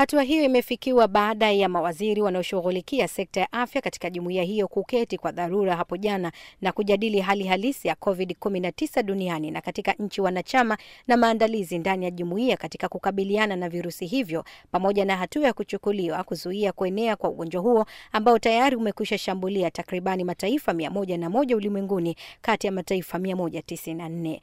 Hatua hiyo imefikiwa baada ya mawaziri wanaoshughulikia sekta ya afya katika jumuiya hiyo kuketi kwa dharura hapo jana na kujadili hali halisi ya COVID-19 duniani na katika nchi wanachama na maandalizi ndani ya jumuiya katika kukabiliana na virusi hivyo pamoja na hatua ya kuchukuliwa kuzuia kuenea kwa ugonjwa huo ambao tayari umekwisha shambulia takribani mataifa 101 ulimwenguni kati ya mataifa 194.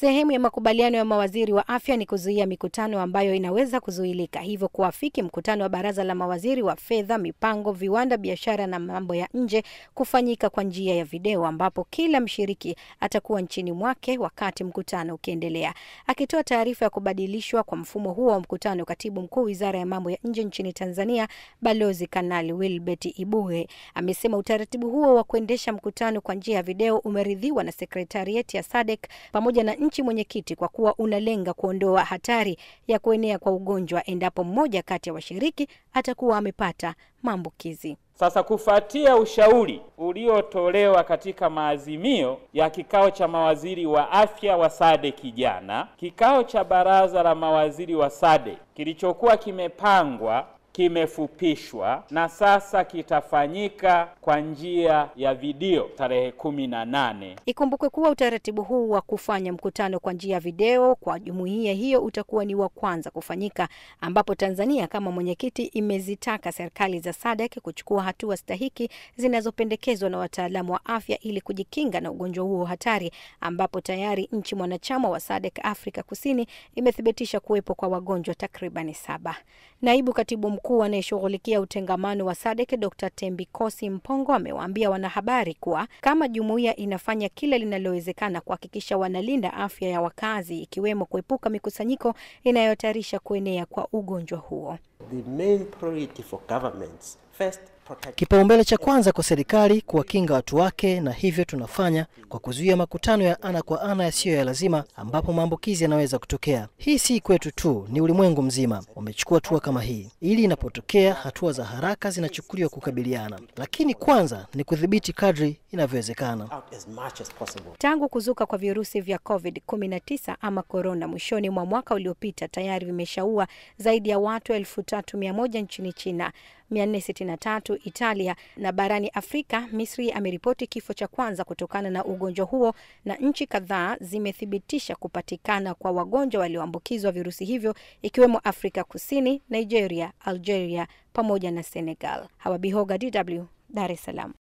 Sehemu ya makubaliano ya mawaziri wa afya ni kuzuia mikutano ambayo inaweza kuzuilika, hivyo kuafiki mkutano wa baraza la mawaziri wa fedha, mipango, viwanda, biashara na mambo ya nje kufanyika kwa njia ya video, ambapo kila mshiriki atakuwa nchini mwake wakati mkutano ukiendelea. Akitoa taarifa ya kubadilishwa kwa mfumo huo wa mkutano, katibu mkuu wizara ya mambo ya nje nchini Tanzania, Balozi Kanali Wilbert Ibuge amesema utaratibu huo wa kuendesha mkutano kwa njia ya video umeridhiwa na sekretarieti ya SADC pamoja na nchi mwenyekiti kwa kuwa unalenga kuondoa hatari ya kuenea kwa ugonjwa endapo mmoja kati ya washiriki atakuwa amepata maambukizi. Sasa kufuatia ushauri uliotolewa katika maazimio ya kikao cha mawaziri wa afya wa SADC jana, kikao cha baraza la mawaziri wa SADC kilichokuwa kimepangwa kimefupishwa na sasa kitafanyika kwa njia ya video tarehe kumi na nane. Ikumbukwe kuwa utaratibu huu wa kufanya mkutano kwa njia ya video kwa jumuiya hiyo utakuwa ni wa kwanza kufanyika, ambapo Tanzania kama mwenyekiti imezitaka serikali za SADC kuchukua hatua stahiki zinazopendekezwa na wataalamu wa afya ili kujikinga na ugonjwa huo hatari, ambapo tayari nchi mwanachama wa SADC Afrika Kusini imethibitisha kuwepo kwa wagonjwa takribani saba. Naibu katibu mkuu Mkuu anayeshughulikia utengamano wa SADC Dr. Tembi Kosi Mpongo amewaambia wanahabari kuwa kama jumuiya inafanya kila linalowezekana kuhakikisha wanalinda afya ya wakazi ikiwemo kuepuka mikusanyiko inayohatarisha kuenea kwa ugonjwa huo. The main priority for governments, first Kipaumbele cha kwanza kwa serikali kuwakinga watu wake, na hivyo tunafanya kwa kuzuia makutano ya ana kwa ana yasiyo ya lazima, ambapo maambukizi yanaweza kutokea. Hii si kwetu tu, ni ulimwengu mzima wamechukua hatua kama hii, ili inapotokea hatua za haraka zinachukuliwa kukabiliana, lakini kwanza ni kudhibiti kadri inavyowezekana. Tangu kuzuka kwa virusi vya COVID-19 ama korona mwishoni mwa mwaka uliopita, tayari vimeshaua zaidi ya watu elfu tatu mia moja nchini China 463 Italia. Na barani Afrika, Misri ameripoti kifo cha kwanza kutokana na ugonjwa huo, na nchi kadhaa zimethibitisha kupatikana kwa wagonjwa walioambukizwa virusi hivyo ikiwemo Afrika Kusini, Nigeria, Algeria pamoja na Senegal. Hawabihoga, DW, Dar es Salaam.